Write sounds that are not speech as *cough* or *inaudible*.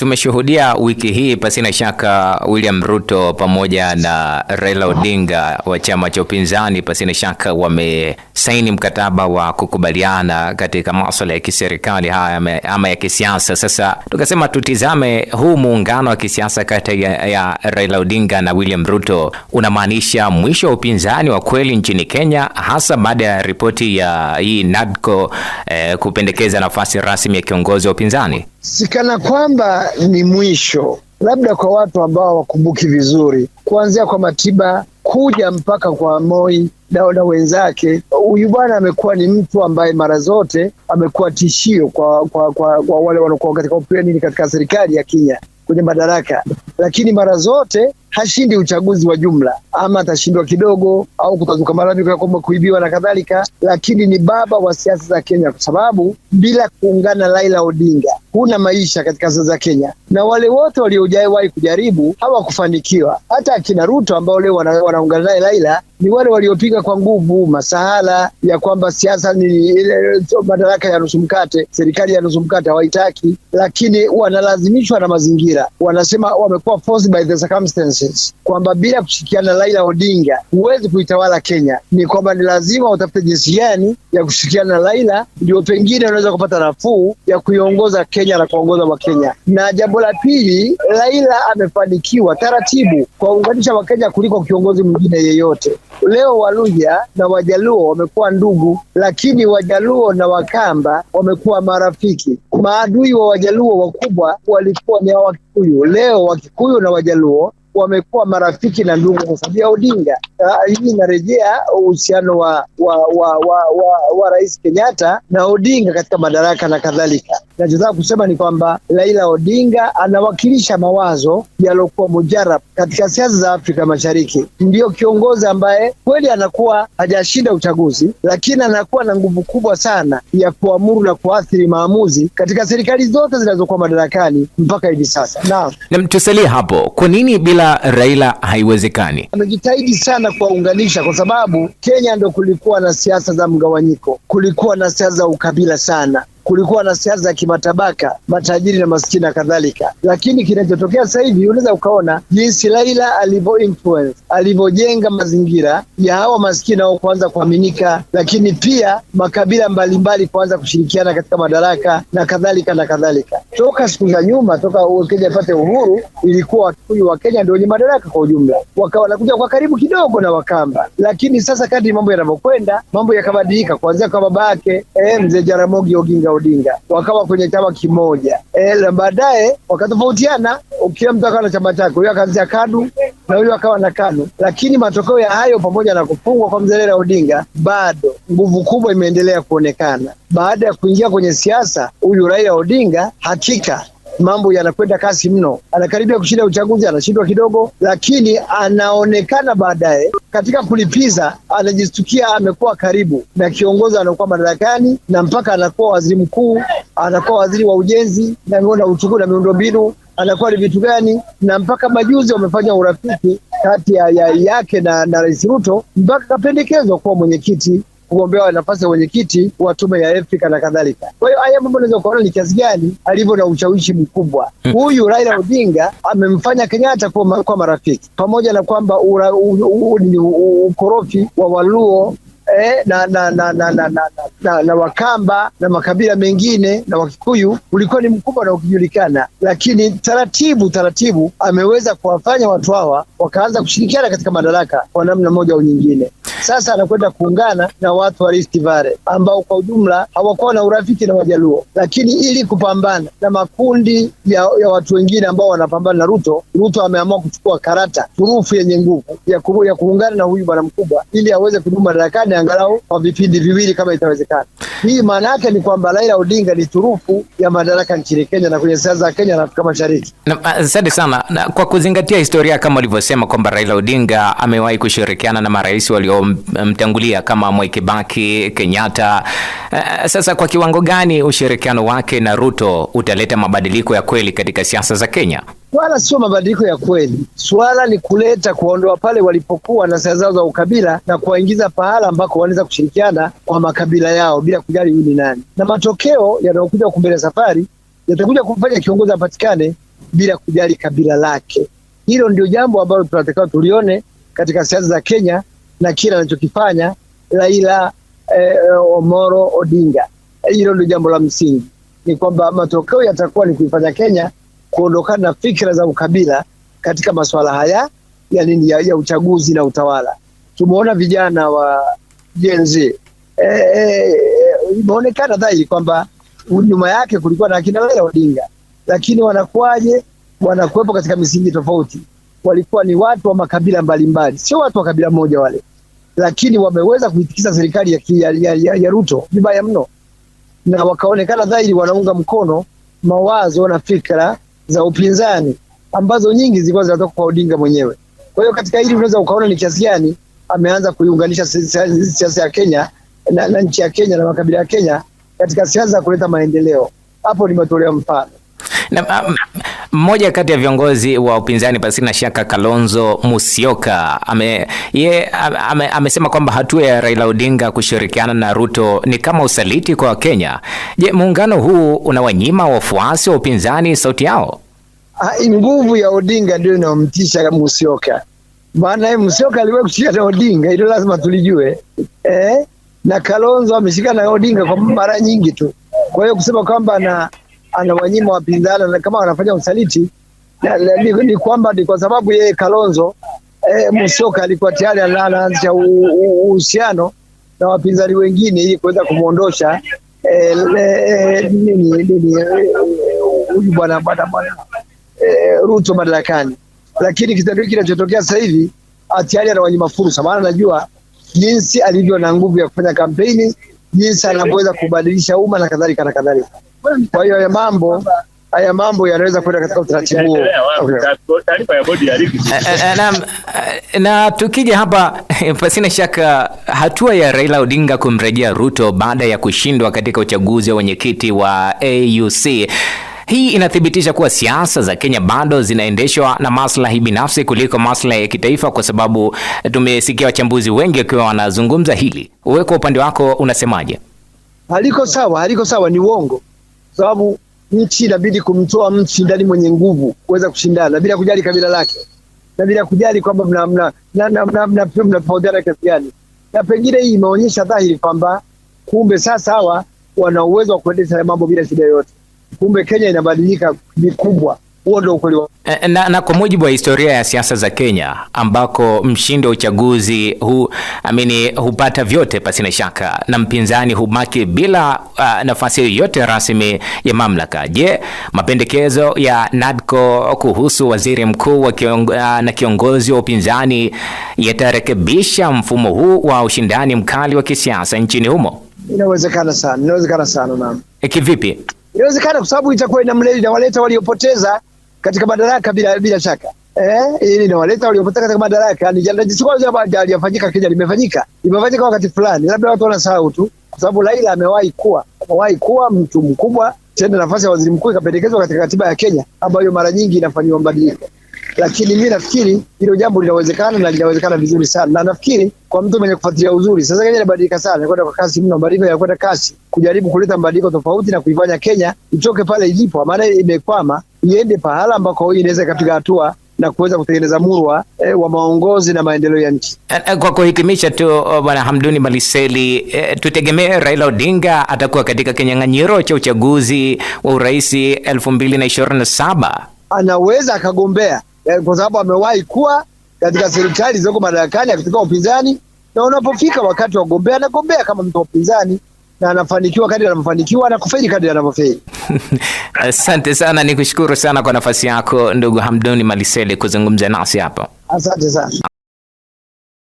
Tumeshuhudia wiki hii pasina shaka William Ruto pamoja na Raila Odinga wa chama cha upinzani pasina shaka wamesaini mkataba wa kukubaliana katika masuala ya kiserikali ama ya kisiasa. Sasa tukasema tutizame huu muungano wa kisiasa kati ya, ya Raila Odinga na William Ruto unamaanisha mwisho wa upinzani wa kweli nchini Kenya, hasa baada ya ripoti ya hii NADCO eh, kupendekeza nafasi rasmi ya kiongozi wa upinzani sikana kwamba ni mwisho, labda kwa watu ambao hawakumbuki vizuri, kuanzia kwa Matiba kuja mpaka kwa Moi na, na wenzake. Huyu bwana amekuwa ni mtu ambaye mara zote amekuwa tishio kwa, kwa, kwa, kwa wale wanaokuwa katika upinzani katika serikali ya Kenya kwenye madaraka, lakini mara zote hashindi uchaguzi wa jumla, ama atashindwa kidogo au kutazuka malalamiko ya kwamba kuibiwa na kadhalika, lakini ni baba wa siasa za Kenya, kwa sababu bila kuungana Raila Odinga huna maisha katika za Kenya na wale wote waliojawahi kujaribu hawakufanikiwa. Hata akina Ruto ambao leo wanaungana naye Laila ni wale waliopiga kwa nguvu masahala ya kwamba siasa ni madaraka ya nusu mkate, serikali ya nusu mkate hawaitaki, lakini wanalazimishwa na mazingira. Wanasema wamekuwa forced by the circumstances, kwamba bila kushirikiana Laila Odinga huwezi kuitawala Kenya. Ni kwamba ni lazima utafute jinsi gani ya kushirikiana na Laila, ndio pengine unaweza kupata nafuu ya kuiongoza Kenya na kuongoza Wakenya na jambo la pili, Raila amefanikiwa taratibu kwa unganisha Wakenya kuliko kiongozi mwingine yeyote. Leo Waluya na Wajaluo wamekuwa ndugu, lakini Wajaluo na Wakamba wamekuwa marafiki. Maadui wa Wajaluo wakubwa walikuwa ni Wakikuyu. Leo Wakikuyu na Wajaluo wamekuwa marafiki na ndugu kwa sababu ya Odinga. Ah, hii inarejea uhusiano wa wa, wa, wa, wa wa Rais Kenyatta na Odinga katika madaraka na kadhalika. Nachotaka kusema ni kwamba Raila Odinga anawakilisha mawazo yaliokuwa mujarab katika siasa za Afrika Mashariki. Ndiyo kiongozi ambaye kweli anakuwa hajashinda uchaguzi, lakini anakuwa na nguvu kubwa sana ya kuamuru na kuathiri maamuzi katika serikali zote zinazokuwa madarakani mpaka hivi sasa. Naam, na mtusalie hapo, kwa nini bila Raila haiwezekani? Amejitahidi sana tunaweza kuwaunganisha, kwa sababu Kenya ndo kulikuwa na siasa za mgawanyiko, kulikuwa na siasa za ukabila sana kulikuwa na siasa za kimatabaka, matajiri na maskini na kadhalika, lakini kinachotokea sasa hivi unaweza ukaona jinsi Laila alivyo influence alivyojenga mazingira ya hawa maskini ao kuanza kuaminika, lakini pia makabila mbalimbali kuanza kushirikiana katika madaraka na kadhalika na kadhalika. Toka siku za nyuma, toka Kenya ipate uhuru, ilikuwa huyu wa Kenya ndio wenye madaraka kwa ujumla, wakawa wanakuja kwa karibu kidogo na Wakamba, lakini sasa kadri mambo yanavyokwenda, mambo yakabadilika, kuanzia kwa baba eh, mzee Jaramogi Oginga na Odinga wakawa kwenye chama kimoja e, na baadaye wakatofautiana, ukiwa mtu akawa na chama chake. Huyo akaanzia KADU na huyo akawa na KANU, lakini matokeo ya hayo pamoja na kufungwa kwa mzee Raila Odinga, bado nguvu kubwa imeendelea kuonekana. Baada ya kuingia kwenye siasa, huyu Raila Odinga hakika mambo yanakwenda kasi mno, anakaribia kushinda uchaguzi, anashindwa kidogo, lakini anaonekana baadaye katika kulipiza, anajistukia amekuwa karibu na kiongozi anakuwa madarakani, na mpaka anakuwa waziri mkuu, anakuwa waziri wa ujenzi na uchuku na miundombinu anakuwa ni vitu gani, na mpaka majuzi wamefanya urafiki kati ya, ya yake na, na Rais Ruto mpaka kapendekezwa kuwa mwenyekiti kugombea nafasi ya mwenyekiti wa tume ya Afrika na kadhalika. Kwa hiyo haya mambo unaweza kuona ni kiasi gani alivyo na ushawishi mkubwa hmm. huyu Raila Odinga. Amemfanya Kenyatta kuwa marafiki, pamoja na kwamba ni ukorofi wa Waluo eh, na, na, na, na, na, na, na, na, na Wakamba na makabila mengine na Wakikuyu ulikuwa ni mkubwa na ukijulikana, lakini taratibu taratibu ameweza kuwafanya watu hawa wakaanza kushirikiana katika madaraka kwa namna moja au nyingine. Sasa anakwenda kuungana na watu wa Rift Valley ambao kwa ujumla hawakuwa na urafiki na Wajaluo, lakini ili kupambana na makundi ya, ya watu wengine ambao wanapambana na Ruto, Ruto ameamua kuchukua karata turufu yenye nguvu ya, ya kuungana na huyu bwana mkubwa ili aweze kudumu madarakani angalau kwa vipindi viwili kama itawezekana. Hii maana yake ni kwamba Raila Odinga ni turufu ya madaraka nchini Kenya na kwenye siasa za Kenya na Afrika Mashariki. Ah, asante sana na, kwa kuzingatia historia kama ulivyosema kwamba Raila Odinga amewahi kushirikiana na marais walio waliomtangulia kama Mwai Kibaki, Kenyatta. Eh, sasa kwa kiwango gani ushirikiano wake na Ruto utaleta mabadiliko ya kweli katika siasa za Kenya? Swala sio mabadiliko ya kweli, swala ni kuleta kuondoa pale walipokuwa na siasa zao za ukabila na kuwaingiza pahala ambako wanaweza kushirikiana kwa makabila yao bila kujali huyu ni nani, na matokeo yanayokuja kumbele safari yatakuja kumfanya kiongozi apatikane bila kujali kabila lake. Hilo ndio jambo ambalo tunatakiwa tulione katika siasa za Kenya na kile anachokifanya Raila eh, Omoro Odinga. Hilo ndio jambo la msingi, ni kwamba matokeo yatakuwa ni kuifanya Kenya kuondokana na fikra za ukabila katika masuala haya ya nini ya, ya uchaguzi na utawala. Tumeona vijana wa Gen Z eh, eh, imeonekana e, e, dhahiri kwamba nyuma yake kulikuwa na akina Raila Odinga, lakini wanakuwaje? Wanakuwepo katika misingi tofauti, walikuwa ni watu wa makabila mbalimbali, sio watu wa kabila moja wale lakini wameweza kuitikisa serikali ya, ya, ya, ya, ya Ruto vibaya mno, na wakaonekana dhahiri wanaunga mkono mawazo na fikra za upinzani ambazo nyingi zilikuwa zinatoka kwa Odinga mwenyewe. Kwa hiyo katika hili unaweza ukaona ni kiasi gani ameanza kuiunganisha siasa ya Kenya na, na nchi ya Kenya na makabila ya Kenya katika siasa za kuleta maendeleo. Hapo nimetolea mfano na, um, mmoja kati ya viongozi wa upinzani na shaka Kalonzo Musyoka ame, ye, ame, amesema kwamba hatua ya Raila Odinga kushirikiana na Ruto ni kama usaliti kwa Wakenya. Je, muungano huu unawanyima wafuasi wa upinzani sauti yao? Ah, nguvu ya Odinga ndio inamtisha Musyoka, maana Musyoka aliwahi kushika na Odinga, hilo lazima tulijue eh? na Kalonzo ameshika na Odinga kwa mara nyingi tu, kwa hiyo kusema kwamba na anawanyima wapinzani na kama wanafanya usaliti ni kwamba ni kwa sababu yeye Kalonzo eh, Musyoka alikuwa tayari anaanzisha uhusiano na wapinzani wengine ili kuweza kumwondosha eh, eh, eh, huyu bwana bwana bwana Ruto madarakani, lakini kitendo hiki kinachotokea sasa hivi ah, tayari anawanyima fursa, maana anajua jinsi alivyo na nguvu ya kufanya kampeni, jinsi anavyoweza kubadilisha umma na kadhalika na kadhalika. Kwa hiyo haya mambo haya mambo yanaweza kwenda katika utaratibu eh, eh, eh, na tukija hapa, pasina shaka hatua ya Raila Odinga kumrejea Ruto baada ya kushindwa katika uchaguzi wa wenyekiti wa AUC hii inathibitisha kuwa siasa za Kenya bado zinaendeshwa na maslahi binafsi kuliko maslahi ya kitaifa, kwa sababu tumesikia wachambuzi wengi wakiwa wanazungumza hili. Wewe kwa upande wako unasemaje? Haliko sawa, haliko sawa, ni uongo sababu nchi inabidi kumtoa mshindani mwenye nguvu kuweza kushindana bila kujali kabila lake na bila kujali kwamba mnatofautiana kiasi gani, na pengine hii imeonyesha dhahiri kwamba kumbe sasa hawa wana uwezo wa kuendesha mambo bila shida yoyote. Kumbe Kenya inabadilika vikubwa. Huo ndio ukweli. Eh, eh, na, na kwa mujibu wa historia ya siasa za Kenya ambako mshindi wa uchaguzi hu, amini, hupata vyote pasina shaka na mpinzani hubaki bila uh, nafasi yoyote rasmi ya mamlaka. Je, mapendekezo ya NADCO kuhusu waziri mkuu wa kiongo, uh, na kiongozi wa upinzani yatarekebisha mfumo huu wa ushindani mkali wa kisiasa nchini humo? Inawezekana sana, inawezekana sana. Naam. Eh, kivipi? Inawezekana kwa sababu itakuwa inamleta waleta waliopoteza katika madaraka bila, bila shaka eh, ili inawaleta waliopata katika madaraka. Ni jambo aliyofanyika Kenya limefanyika limefanyika wakati fulani, labda watu wanasahau tu, kwa sababu Raila amewahi kuwa amewahi kuwa mtu mkubwa tena, nafasi ya waziri mkuu ikapendekezwa katika katiba ya Kenya ambayo mara nyingi inafanyiwa mabadiliko lakini mi nafikiri hilo jambo linawezekana na linawezekana vizuri sana, na nafikiri kwa mtu mwenye kufuatilia uzuri. Sasa Kenya inabadilika sana, inakwenda kwa kasi mno, mabadiliko yanakwenda kasi, kujaribu kuleta mabadiliko tofauti na kuifanya Kenya itoke pale ilipo, maana imekwama iende pahala ambako inaweza katika hatua na kuweza kutengeneza murwa eh, wa maongozi na maendeleo ya nchi. Eh, eh, kwa kuhitimisha tu, oh, Bwana Hamduni Maliseli, eh, tutegemee Raila Odinga atakuwa katika kinyang'anyiro cha uchaguzi wa urais elfu mbili na ishirini na saba. Anaweza akagombea eh, kwa sababu amewahi kuwa katika serikali zilizoko madarakani akitoka upinzani, na unapofika wakati wa kugombea anagombea kama mtu wa upinzani na anafanikiwa kadri anavyofanikiwa na kufeli kadri anavyofeli. *laughs* Asante sana, nikushukuru sana kwa nafasi yako ndugu Hamduni Maliseli kuzungumza nasi hapa. Asante sana.